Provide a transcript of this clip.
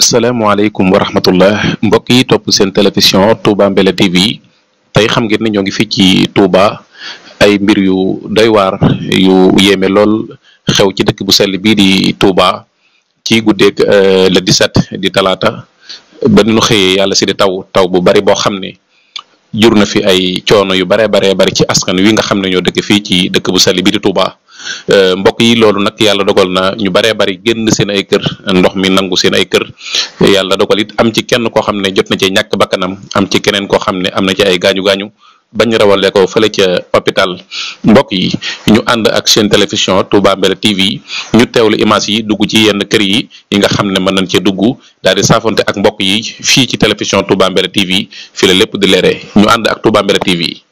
salaamaaleykum wa rahmatullah mbokk yi topp seen télévision Touba Mbella TV tey xam ngeen ne ñoo ngi fii ci Touba ay mbir yu doy waar yu yéeme lool xew ci dëkk bu selli bii di Touba ci guddeeg euh, le 17 di talaata ba nu xëyee yàlla si di taw taw bu bari boo xam ne jur na fi ay coono yu bare bare bari ci askan wi nga xam ne ñoo dëkk fii ci dëkk bu selli bii di Touba Euh, mbokk yi loolu nag yàlla dogal na ñu baree bari génn seen ay kër ndox mi nangu seen ay kër yàlla dogal it am ci kenn koo xam ne jot na ci ñàkk bakkanam am ci keneen koo xam ne am na ci ay gaañu gaañu. bañ rawale ko fële ca hôpital mbokk yi ñu ànd ak seen télévision Touba Mbella TV ñu teewlu image yi dugg ci yenn kër yi yi nga xam ne mën nañ cee dugg daal di saafonte ak mbokk yi fii ci télévision Touba Mbella TV fi la lépp di leeree ñu ànd ak Touba Mbella TV.